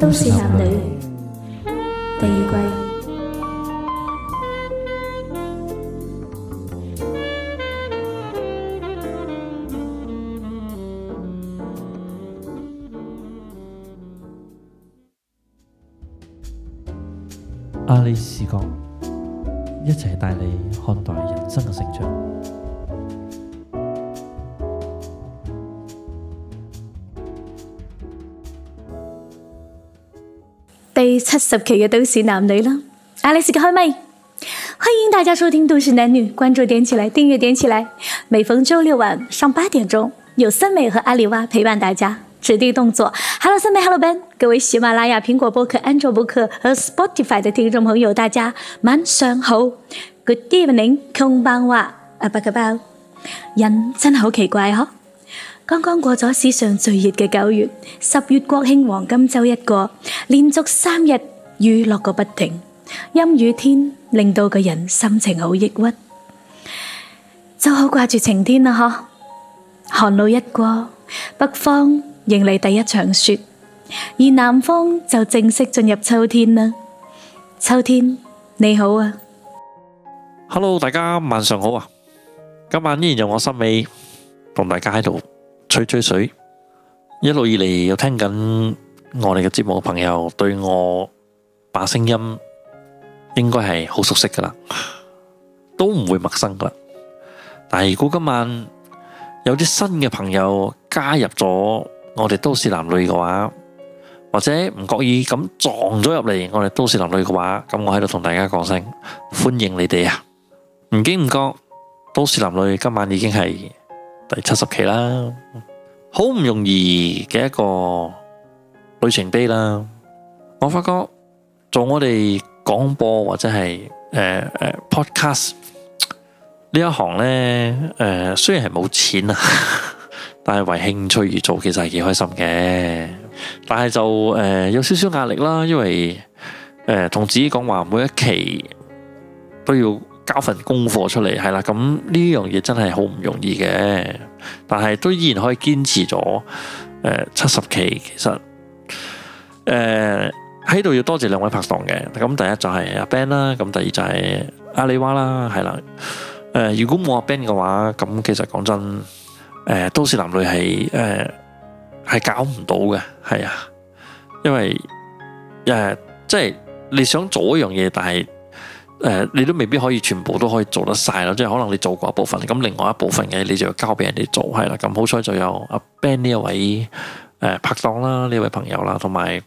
都市男女第二季，阿里視覺一齊帶你看待人生嘅成長。七十期嘅都市男女啦，a 阿麗斯嘅開咪，歡迎大家收聽《都市男女》，關注點起來，訂閱點起來，每逢周六晚上八點鐘，有森美和阿里娃陪伴大家指定動作。Hello，森美，Hello Ben，各位喜馬拉雅、蘋果播客、Android 播客和 Spotify 的聽眾朋友，大家晚上好，Good evening，Kong Bang Wa 阿伯嘅包、啊，人真係好奇怪哦。剛剛過咗史上最熱嘅九月，十月國慶黃金周一過，連續三日雨落個不停，陰雨天令到個人心情好抑鬱，就好掛住晴天啦。嗬，寒露一過，北方迎嚟第一場雪，而南方就正式進入秋天啦。秋天你好啊，Hello，大家晚上好啊，今晚依然有我森美同大家喺度，吹吹水，一路以嚟有聽緊我哋嘅節目嘅朋友，對我把聲音應該係好熟悉噶啦，都唔會陌生噶啦。但係如果今晚有啲新嘅朋友加入咗我哋都市男女嘅話，或者唔覺意咁撞咗入嚟我哋都市男女嘅話，咁我喺度同大家講聲歡迎你哋啊！唔經唔覺，都市男女今晚已經係。第七十期啦，好唔容易嘅一個里程碑啦。我發覺做我哋廣播或者係誒誒 podcast 呢一行咧，誒、呃、雖然係冇錢啊， 但係為興趣而做，其實係幾開心嘅。但係就誒、呃、有少少壓力啦，因為誒、呃、同自己講話每一期都要。交份功課出嚟，係啦，咁呢樣嘢真係好唔容易嘅，但係都依然可以堅持咗誒七十期，其實誒喺度要多謝兩位拍檔嘅，咁第一就係阿 Ben 啦，咁第二就係阿里娃啦，係啦，誒、呃、如果冇阿 Ben 嘅話，咁其實講真，誒、呃、都市男女係誒係搞唔到嘅，係啊，因為誒、呃、即係你想做一樣嘢，但係。誒、呃，你都未必可以全部都可以做得晒咯，即係可能你做過一部分，咁另外一部分嘅你就要交俾人哋做，係啦。咁好彩就有阿 Ben 呢一位誒、呃、拍檔啦，呢位朋友啦，同埋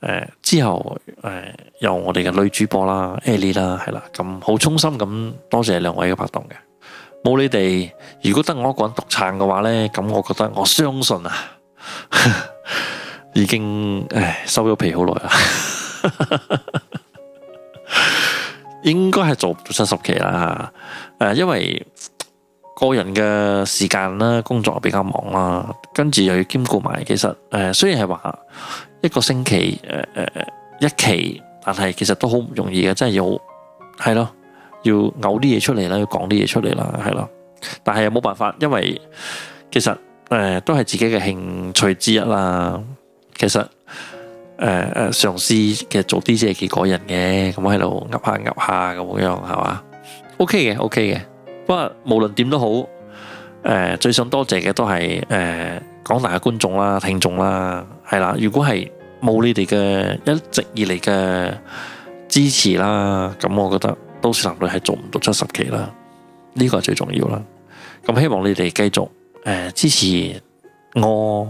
誒之後誒、呃、有我哋嘅女主播啦，Ellie 啦，係啦。咁、嗯、好衷心咁多謝兩位嘅拍檔嘅，冇你哋，如果得我一個人獨撐嘅話咧，咁我覺得我相信啊， 已經誒收咗皮好耐啦。應該係做唔到七十期啦，誒，因為個人嘅時間啦，工作比較忙啦，跟住又要兼顧埋，其實誒、呃，雖然係話一個星期，誒誒誒一期，但係其實都好唔容易嘅，真係要係咯，要嘔啲嘢出嚟啦，要講啲嘢出嚟啦，係咯，但係又冇辦法，因為其實誒、呃、都係自己嘅興趣之一啦，其實。誒誒，嘗試其實做啲 DJ 結果人嘅，咁喺度噏下噏下咁樣係嘛？OK 嘅，OK 嘅。不過無論點都好，誒、呃，最想多謝嘅都係誒廣大嘅觀眾啦、聽眾啦，係啦。如果係冇你哋嘅一直以嚟嘅支持啦，咁我覺得都市男女係做唔到七十期啦，呢、這個係最重要啦。咁希望你哋繼續誒、呃、支持我，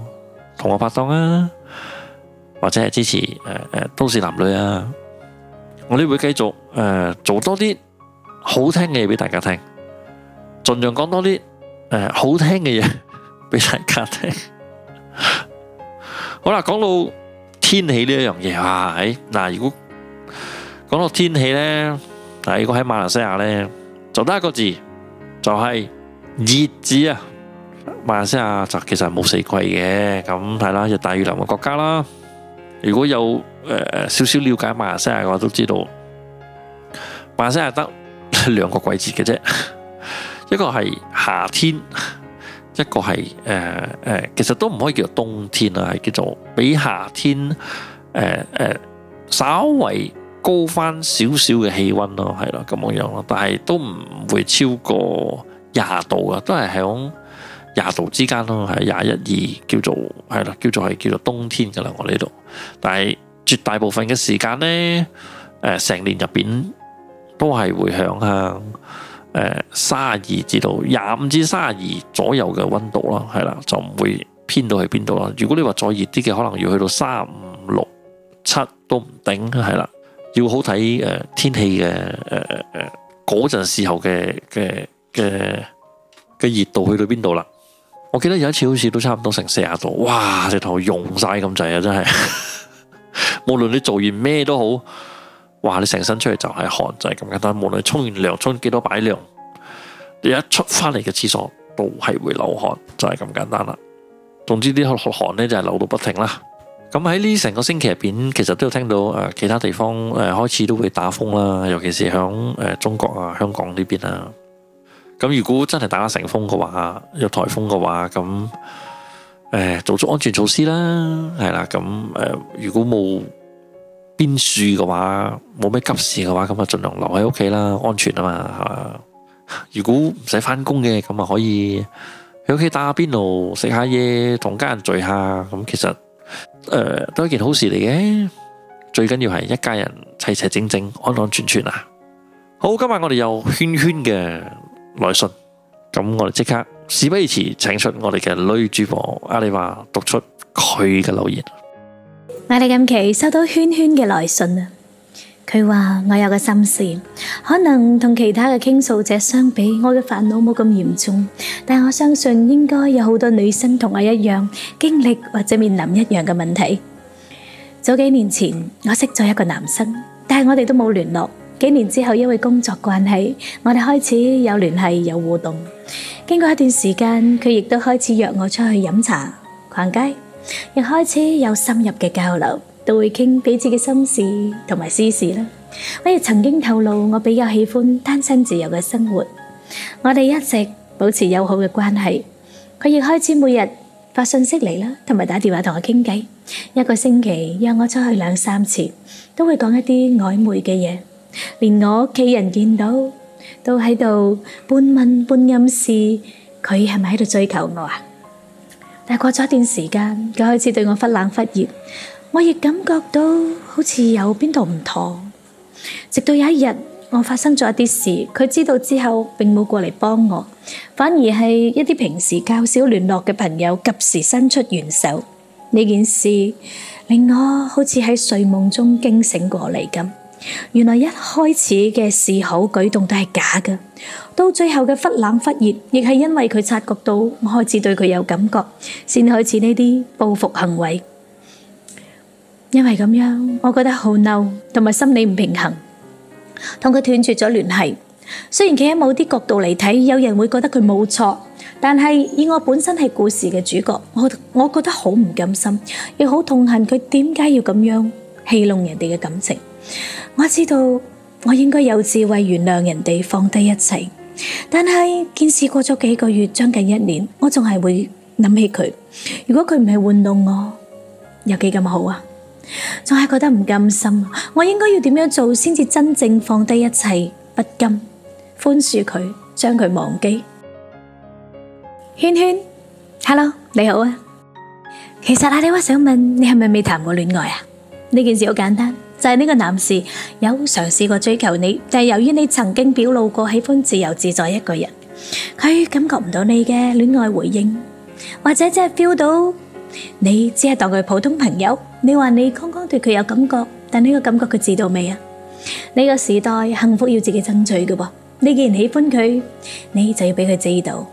同我拍檔啊！或者係支持誒誒，都市男女啊！我哋會繼續誒做多啲好聽嘅嘢俾大家聽，盡量講多啲誒好聽嘅嘢俾大家聽。好啦，講到天氣呢一樣嘢啊，誒，嗱，如果講到天氣咧，嗱，如果喺馬來西亞咧，就得一個字，就係熱字啊！馬來西亞就其實係冇四季嘅，咁係啦，熱帶雨林嘅國家啦。如果有誒誒少少瞭解馬來西亞嘅話，都知道馬來西亞得兩個季節嘅啫，一個係夏天，一個係誒誒，其實都唔可以叫做冬天啦，係叫做比夏天誒誒稍為高翻少少嘅氣温咯，係咯，咁樣樣咯，但係都唔會超過廿度呀，都係喺廿度之間咯，係廿一二叫做係啦，叫做係叫，叫做冬天噶啦，我呢度。但係絕大部分嘅時間呢，誒、呃、成年入邊都係會響啊，誒卅二、至到廿五至卅二左右嘅溫度啦，係啦，就唔會偏到去邊度啦。如果你話再熱啲嘅，可能要去到卅五六七都唔定，係啦，要好睇誒、呃、天氣嘅誒誒嗰陣時候嘅嘅嘅嘅熱度去到邊度啦。我記得有一次好似都差唔多成四十度，哇！直頭融晒咁滯啊，真係。 無論你做完咩都好，哇！你成身出嚟就係汗，就係、是、咁簡單。無論沖完涼沖幾多擺涼，你一出翻嚟嘅廁所都係會流汗，就係、是、咁簡單啦。總之啲汗咧就係流到不停啦。咁喺呢成個星期入邊，其實都有聽到誒、呃、其他地方誒、呃、開始都會打風啦，尤其是響誒、呃、中國啊、香港呢邊啊。咁如果真係打成風嘅話，有台風嘅話，咁誒，做足安全措施啦，係啦。咁誒、呃，如果冇邊樹嘅話，冇咩急事嘅話，咁啊，盡量留喺屋企啦，安全啊嘛，係嘛。如果唔使翻工嘅，咁啊，可以喺屋企打下邊爐，食下嘢，同家人聚下。咁其實誒、呃、都係一件好事嚟嘅。最緊要係一家人齊齊整整，安安全全啊。好，今日我哋有圈圈嘅來信，咁我哋即刻事不宜遲，請出我哋嘅女主播阿里華讀出佢嘅留言。我哋近期收到萱萱嘅來信啊，佢話，我有個心事，可能同其他嘅傾訴者相比，我嘅煩惱冇咁嚴重，但我相信應該有好多女生同我一樣經歷或者面臨一樣嘅問題。早幾年前，我識咗一個男生，但係我哋都冇聯絡。幾年之後，因為工作關係，我哋開始有聯繫有互動。經過一段時間，佢亦都開始約我出去飲茶、逛街，亦開始有深入嘅交流，都會傾彼此嘅心事同埋私事啦。我亦曾經透露，我比較喜歡單身自由嘅生活。我哋一直保持友好嘅關係，佢亦開始每日發信息嚟啦，同埋打電話同我傾偈。一個星期約我出去兩三次，都會講一啲曖昧嘅嘢。連我屋企人見到都喺度半問半暗示，佢係咪喺度追求我啊？但係過咗一段時間，佢開始對我忽冷忽熱，我亦感覺到好似有邊度唔妥。直到有一日，我發生咗一啲事，佢知道之後並冇過嚟幫我，反而係一啲平時較少聯絡嘅朋友及時伸出援手。呢件事令我好似喺睡夢中驚醒過嚟咁。原來一開始嘅示好舉動都係假㗎，到最後嘅忽冷忽熱，亦係因為佢察覺到我開始對佢有感覺，先開始呢啲報復行為。因為咁樣，我覺得好嬲，同埋心理唔平衡，同佢斷絕咗聯繫。雖然企喺某啲角度嚟睇，有人會覺得佢冇錯，但係以我本身係故事嘅主角，我我覺得好唔甘心，亦好痛恨佢點解要咁樣戲弄人哋嘅感情。我知道我應該有智慧，原諒人哋放低一切，但係件事過咗幾個月，將近一年，我仲係會諗起佢。如果佢唔係玩弄我，有幾咁好啊？仲係覺得唔甘心。我應該要點樣做先至真正放低一切，不甘寬恕佢，將佢忘記。萱萱，Hello，你好啊。其實啊，你話想問你係咪未談過戀愛啊？呢件事好簡單。就係呢個男士有嘗試過追求你，但係由於你曾經表露過喜歡自由自在一個人，佢感覺唔到你嘅戀愛回應，或者只係 feel 到你只係當佢普通朋友。你話你剛剛對佢有感覺，但呢個感覺佢知道未啊？呢個時代幸福要自己爭取嘅噃。你既然喜歡佢，你就要俾佢知道，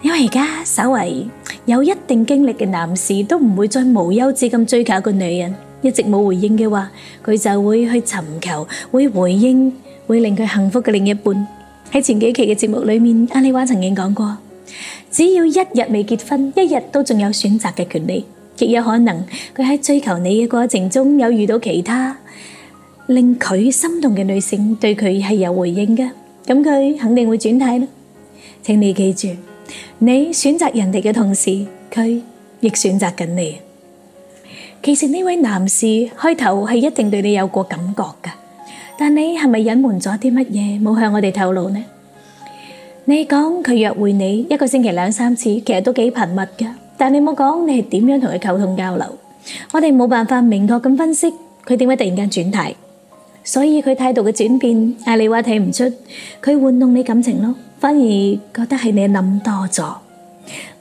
因為而家稍微有一定經歷嘅男士都唔會再無休止咁追求一個女人。一直冇回應嘅話，佢就會去尋求，會回應，會令佢幸福嘅另一半。喺前幾期嘅節目裏面，阿李華曾經講過，只要一日未結婚，一日都仲有選擇嘅權利，亦有可能佢喺追求你嘅過程中有遇到其他令佢心動嘅女性，對佢係有回應嘅，咁佢肯定會轉態啦。請你記住，你選擇人哋嘅同時，佢亦選擇緊你。其實呢位男士開頭係一定對你有過感覺㗎，但你係咪隱瞞咗啲乜嘢冇向我哋透露呢？你講佢約會你一個星期兩三次，其實都幾頻密㗎，但你冇講你係點樣同佢溝通交流，我哋冇辦法明確咁分析佢點解突然間轉態，所以佢態度嘅轉變，阿李話睇唔出，佢玩弄你感情咯，反而覺得係你諗多咗。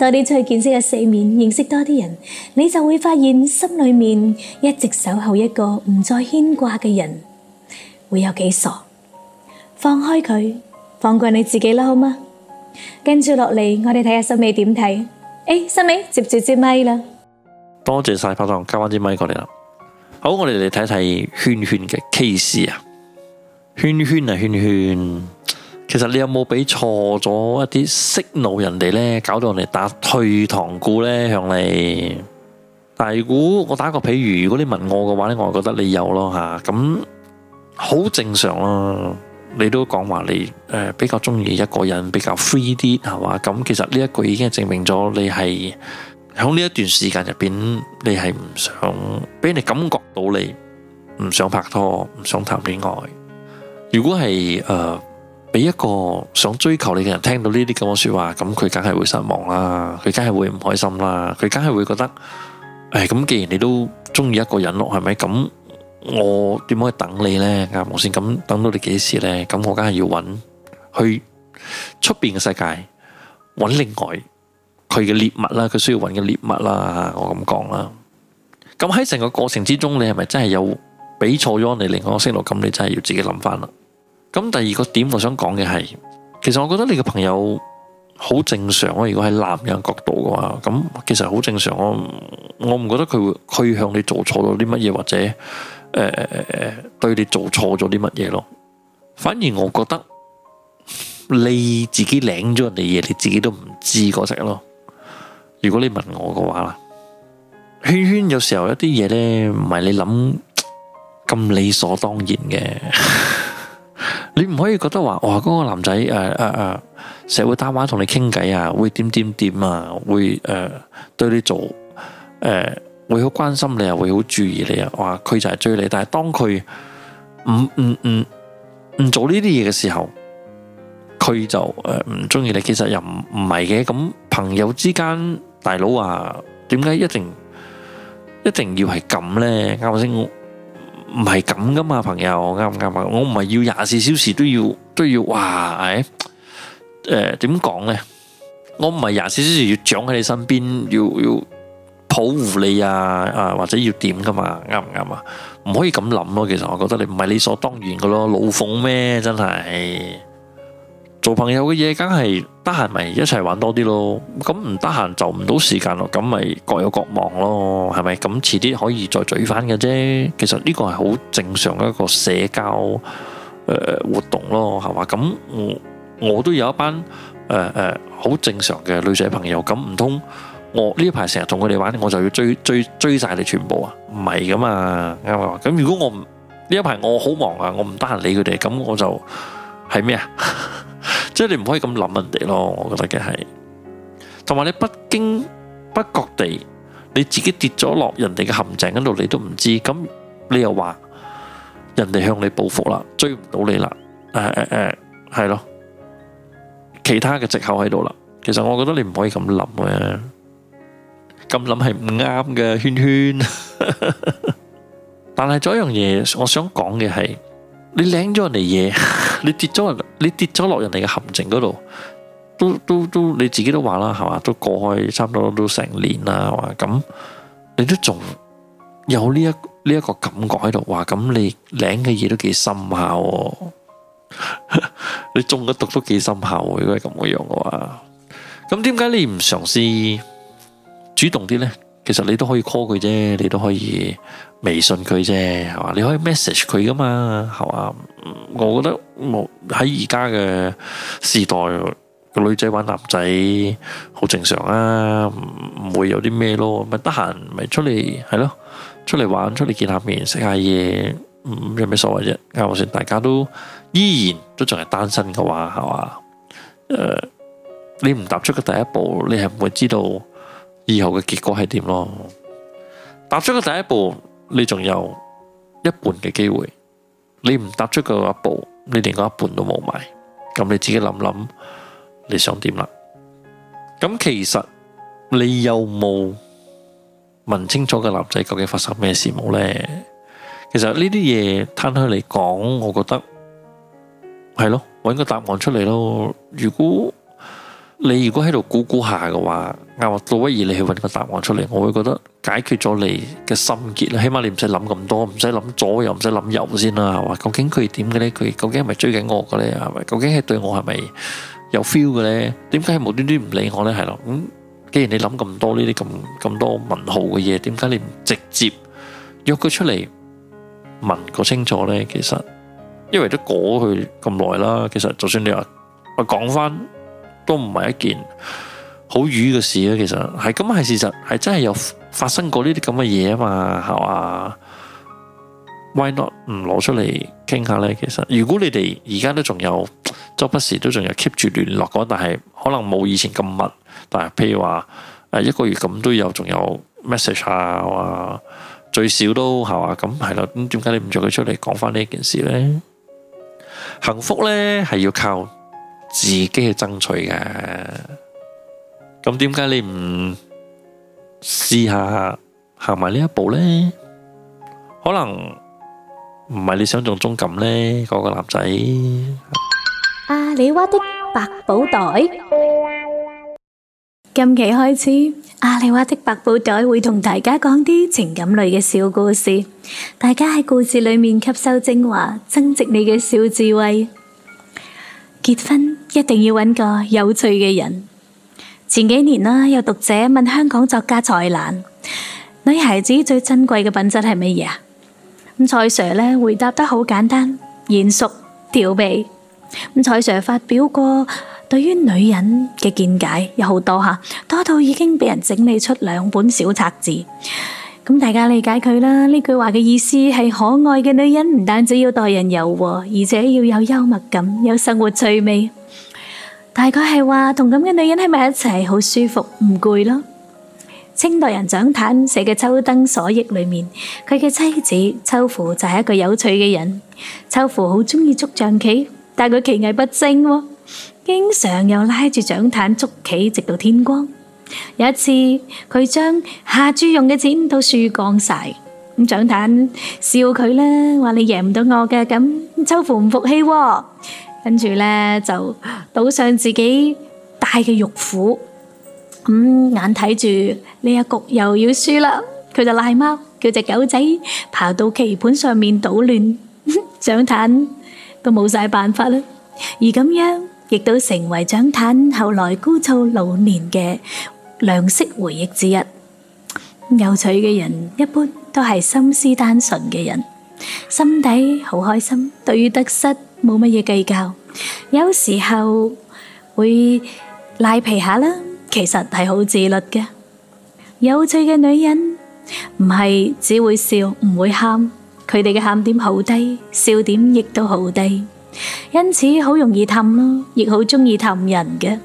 多啲出去見識下世面，認識多啲人，你就會發現心裏面一直守候一個唔再牽掛嘅人，會有幾傻？放開佢，放過你自己啦，好嗎？跟住落嚟，我哋睇下森美點睇。誒、欸，森美接住支咪啦。多謝晒拍檔，交翻支咪過嚟啦。好，我哋嚟睇睇圈圈嘅 case 啊。圈圈啊，圈圈。其實你有冇俾錯咗一啲信號，人哋呢？搞到人哋打退堂鼓呢？向你，但係如果我打個譬如，如果你問我嘅話呢，我就覺得你有咯，吓，咁好正常咯。你都講話你誒、呃、比較中意一個人比較 free 啲係嘛？咁其實呢一句已經證明咗你係喺呢一段時間入邊，你係唔想俾人哋感覺到你唔想拍拖，唔想談戀愛。如果係誒。呃俾一個想追求你嘅人聽到呢啲咁嘅說話，咁佢梗係會失望啦，佢梗係會唔開心啦，佢梗係會覺得，誒、哎，咁既然你都中意一個人咯，係咪？咁我點可以要等你呢？啱唔啱先？咁等到你幾時呢？咁我梗係要揾去出邊嘅世界揾另外佢嘅獵物啦，佢需要揾嘅獵物啦，我咁講啦。咁喺成個過程之中，你係咪真係有俾錯咗你另外、那個星座？咁你真係要自己諗翻啦。咁第二個點我想講嘅係，其實我覺得你個朋友好正常咯。如果喺男人角度嘅話，咁其實好正常。我我唔覺得佢會去向你做錯咗啲乜嘢，或者誒、呃、對你做錯咗啲乜嘢咯。反而我覺得你自己領咗人哋嘢，你自己都唔知嗰隻咯。如果你問我嘅話，圈圈，有時候一啲嘢呢，唔係你諗咁理所當然嘅。 你唔可以覺得話哇，嗰、那個男仔誒誒誒，成日打話同你傾偈啊，會點點點啊，會誒、呃、對你做誒、呃，會好關心你啊，會好注意你啊，話佢就係追你。但係當佢唔唔唔唔做呢啲嘢嘅時候，佢就誒唔中意你。其實又唔唔係嘅。咁朋友之間大佬話、啊，點解一定一定要係咁呢？啱先。唔係咁噶嘛，朋友啱唔啱啊？我唔係要廿四小時都要都要話，誒，點講呢？我唔係廿四小時要長喺你身邊，要要保護你啊啊，或者要點噶嘛？啱唔啱啊？唔可以咁諗咯，其實我覺得你唔係理所當然噶咯，老奉咩真係？做朋友嘅嘢，梗係得閒咪一齊玩多啲咯。咁唔得閒就唔到時間咯。咁咪各有各忙咯，係咪咁？遲啲可以再追翻嘅啫。其實呢個係好正常一個社交誒活動咯，係嘛？咁我我都有一班誒誒好正常嘅女仔朋友。咁唔通我呢一排成日同佢哋玩，我就要追追追晒你全部啊？唔係噶嘛啱啊。咁如果我唔呢一排我好忙啊，我唔得閒理佢哋，咁我就係咩啊？即係你唔可以咁諗人哋咯，我覺得嘅係，同埋你不經不覺地，你自己跌咗落人哋嘅陷阱嗰度，你都唔知。咁你又話人哋向你報復啦，追唔到你啦，誒誒誒，係咯，其他嘅藉口喺度啦。其實我覺得你唔可以咁諗嘅，咁諗係唔啱嘅，圈圈。但係仲一樣嘢，我想講嘅係。你領咗人哋嘢，你跌咗人，你跌咗落人哋嘅陷阱嗰度，都都都你自己都話啦，係嘛，都過去差唔多都成年啦，係嘛，咁，你都仲有呢一呢一個感覺喺度，話咁你領嘅嘢都幾深厚，你中嘅毒都幾深厚，如果係咁嘅樣嘅話，咁點解你唔嘗試主動啲咧？其實你都可以 call 佢啫，你都可以微信佢啫，係嘛？你可以 message 佢噶嘛，係嘛？我覺得喺而家嘅時代，個女仔玩男仔好正常啊，唔會有啲咩咯，咪得閒咪出嚟係咯，出嚟玩，出嚟見下面食下嘢，有咩所謂啫？啱我先，算大家都依然都仲係單身嘅話，係嘛？誒、呃，你唔踏出嘅第一步，你係唔會知道。以後嘅結果係點咯？踏出個第一步，你仲有一半嘅機會；你唔踏出個一步，你連嗰一半都冇埋。咁你自己諗諗，你想點啦？咁其實你有冇問清楚個男仔究竟發生咩事冇呢？其實呢啲嘢攤開嚟講，我覺得係咯，搵個答案出嚟咯。如果你如果喺度估估下嘅話，啱話，倒不如你去搵個答案出嚟，我會覺得解決咗你嘅心結啦，起碼你唔使諗咁多，唔使諗左又唔使諗右先啦，係嘛？究竟佢點嘅咧？佢究竟係咪追緊我嘅咧？係咪？究竟係對我係咪有 feel 嘅咧？點解係無端端唔理我咧？係咯？咁既然你諗咁多呢啲咁咁多問號嘅嘢，點解你唔直接約佢出嚟問個清楚咧？其實，因為都過咗去咁耐啦，其實就算你話我講翻。都唔係一件好瘀嘅事咯，其實係咁，係事實，係真係有發生過呢啲咁嘅嘢，啊嘛，係嘛？Why not？唔攞出嚟傾下呢？其實如果你哋而家都仲有，周不時都仲有 keep 住聯絡，但係可能冇以前咁密。但係譬如話誒一個月咁都有，仲有 message 啊，最少都係嘛？咁係啦，咁點解你唔約佢出嚟講翻呢件事呢？幸福呢係要靠。自己去爭取嘅，咁點解你唔試下行埋呢一步呢？可能唔係你想像中咁呢。嗰、那個男仔。阿里娃的百寶袋，今期開始，阿里娃的百寶袋會同大家講啲情感類嘅小故事，大家喺故事裏面吸收精華，增值你嘅小智慧。結婚，一定要搵個有趣嘅人。前幾年啦，有讀者問香港作家蔡瀾，女孩子最珍貴嘅品質係乜嘢啊？咁蔡 sir 咧，回答得好簡單，賢淑調皮。咁蔡 sir 發表過對於女人嘅見解有好多吓，多到已經俾人整理出兩本小冊子。咁大家理解佢啦。呢句話嘅意思係可愛嘅女人唔單止要待人柔和，而且要有幽默感，有生活趣味。大概係話同咁嘅女人喺埋一齊好舒服唔攰咯。清代人蔣坦寫嘅《秋燈瑣憶》裏面，佢嘅妻子秋芙就係一個有趣嘅人。秋芙好中意捉象棋，但佢棋藝不精，哦，經常又拉住蔣坦捉棋直到天光。有一次，佢將下注用嘅錢都輸光晒，咁蔣坦笑佢啦，話你贏唔到我嘅，咁秋芙唔服氣，哦。跟住咧就倒上自己大嘅玉虎，咁、嗯、眼睇住呢一局又要輸啦，佢就賴貓，叫隻狗仔爬到棋盤上面搗亂，蔣 坦都冇晒辦法啦。而咁樣亦都成為蔣坦後來枯燥老年嘅良色回憶之一。有趣嘅人一般都係心思單純嘅人，心底好開心，對於得失，冇乜嘢計較，有時候會賴皮下啦，其實係好自律嘅。有趣嘅女人唔係只會笑唔會喊，佢哋嘅喊點好低，笑點亦都好低，因此好容易氹咯，亦好中意氹人嘅。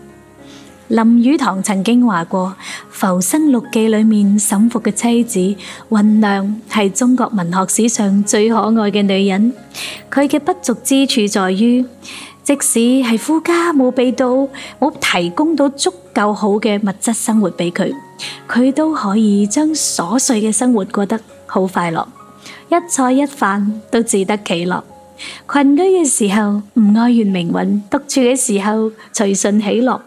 林語堂曾經話過，《浮生六記》裏面沈復嘅妻子芸娘，係中國文學史上最可愛嘅女人。佢嘅不足之處在於，即使係夫家冇俾到，冇提供到足夠好嘅物質生活俾佢，佢都可以將瑣碎嘅生活過得好快樂，一菜一飯都自得其樂。群居嘅時候唔哀怨命運，獨處嘅時候隨順喜樂。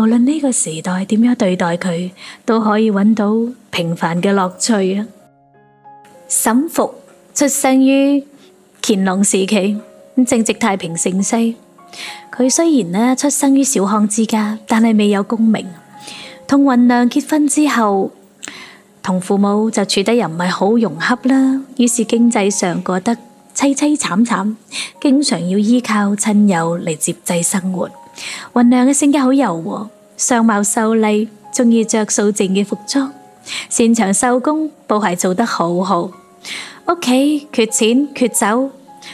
無論呢個時代點樣對待佢，都可以揾到平凡嘅樂趣啊！沈復出生於乾隆時期，咁正值太平盛世。佢雖然呢出生於小康之家，但係未有功名。同芸娘結婚之後，同父母就處得又唔係好融洽啦，於是經濟上過得凄凄慘慘，經常要依靠親友嚟接濟生活。雲娘嘅性格好柔和，相貌秀麗，中意着素淨嘅服裝，擅長手工，布鞋做得好好。屋企缺錢缺酒，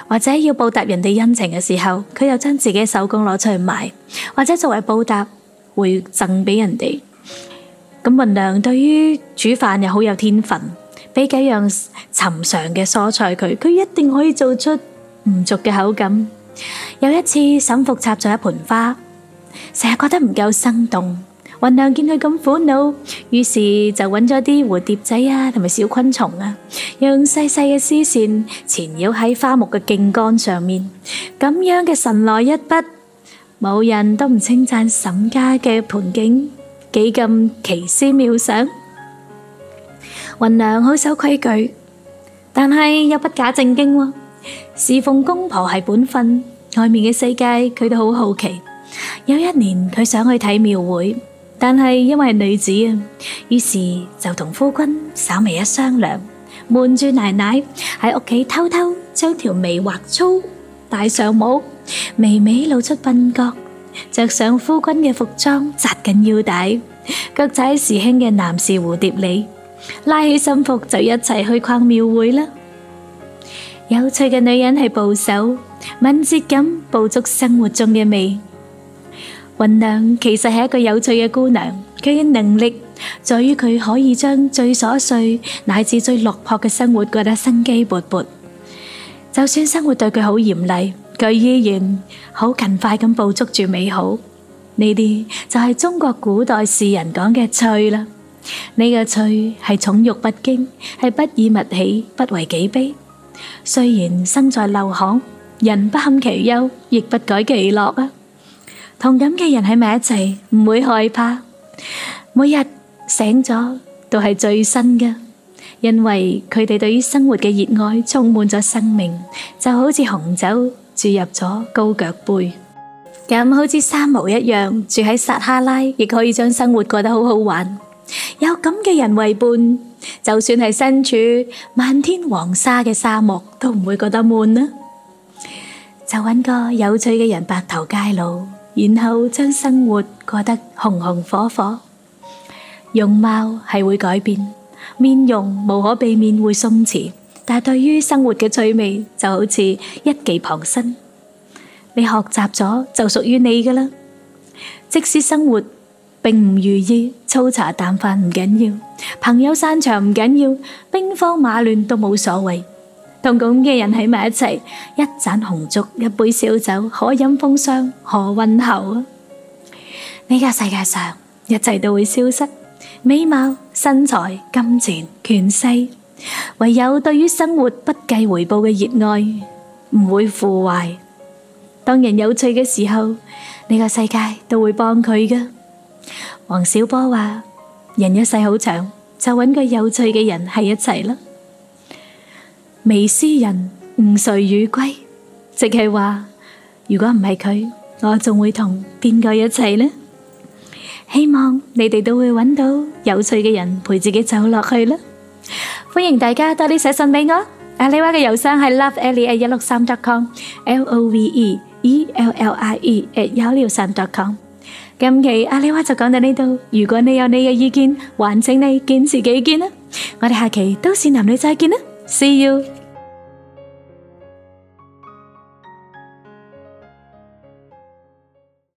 或者要報答人哋恩情嘅時候，佢又將自己手工攞出去賣，或者作為報答會贈俾人哋。咁雲娘對於煮飯又好有天分，俾幾樣尋常嘅蔬菜，佢，佢一定可以做出唔俗嘅口感。有一次，沈復插咗一盆花，成日覺得唔夠生動。芸娘見佢咁苦惱，於是就揾咗啲蝴蝶仔啊，同埋小昆蟲啊，用細細嘅絲線纏繞喺花木嘅莖幹上面。咁樣嘅神來一筆，冇人都唔稱讚沈家嘅盆景幾咁奇思妙想。芸娘好守規矩，但係又不假正經喎、啊。侍奉公婆係本分，外面嘅世界佢都好好奇。有一年佢想去睇廟會，但係因為女子啊，於是就同夫君稍微一商量，瞞住奶奶喺屋企偷偷將條眉畫粗，戴上帽，微微露出鬢角，着上夫君嘅服裝，紮緊腰帶，腳踩時興嘅男士蝴蝶里，拉起新服就一齊去逛廟會啦。有趣嘅女人係保守、敏捷咁捕捉生活中嘅美。雲娘其實係一個有趣嘅姑娘，佢嘅能力在於佢可以將最瑣碎乃至最落魄嘅生活過得生機勃勃。就算生活對佢好嚴厲，佢依然好勤快咁捕捉住美好。呢啲就係中國古代士人講嘅趣啦。呢、這個趣係寵辱不驚，係不以物喜，不為己悲。雖然身在陋巷，人不堪其憂，亦不改其樂啊！同咁嘅人喺埋一齊，唔會害怕。每日醒咗都係最新嘅，因為佢哋對於生活嘅熱愛充滿咗生命，就好似紅酒注入咗高腳杯，咁好似三毛一樣住喺撒哈拉，亦可以將生活過得好好玩。有咁嘅人為伴，就算係身處漫天黃沙嘅沙漠，都唔會覺得悶啦。就搵個有趣嘅人白頭偕老，然後將生活過得紅紅火火。容貌係會改變，面容無可避免會鬆弛，但係對於生活嘅趣味，就好似一技傍身。你學習咗就屬於你嘅啦，即使生活，並唔如意，粗茶淡飯唔緊要，朋友散場唔緊要，兵荒馬亂都冇所謂。同咁嘅人喺埋一齊，一盞紅燭，一杯小酒，可飲風霜，何溫厚啊！呢個世界上，一切都會消失，美貌、身材、金錢、權勢，唯有對於生活不計回報嘅熱愛，唔會腐壞。當人有趣嘅時候，呢個世界都會幫佢㗎。黃小波話：人一世好長，就揾個有趣嘅人喺一齊啦。微斯人，吾誰與歸？即係話，如果唔係佢，我仲會同邊個一齊呢？希望你哋都會揾到有趣嘅人陪自己走落去啦！歡迎大家多啲寫信俾我。阿李威嘅郵箱係 loveellie@163.com，L-O-V-E-E-L-L-I-E@163.com。今期阿麗娃就講到呢度，如果你有你嘅意見，還請你堅持己見啦。我哋下期都市男女再見啦，see you。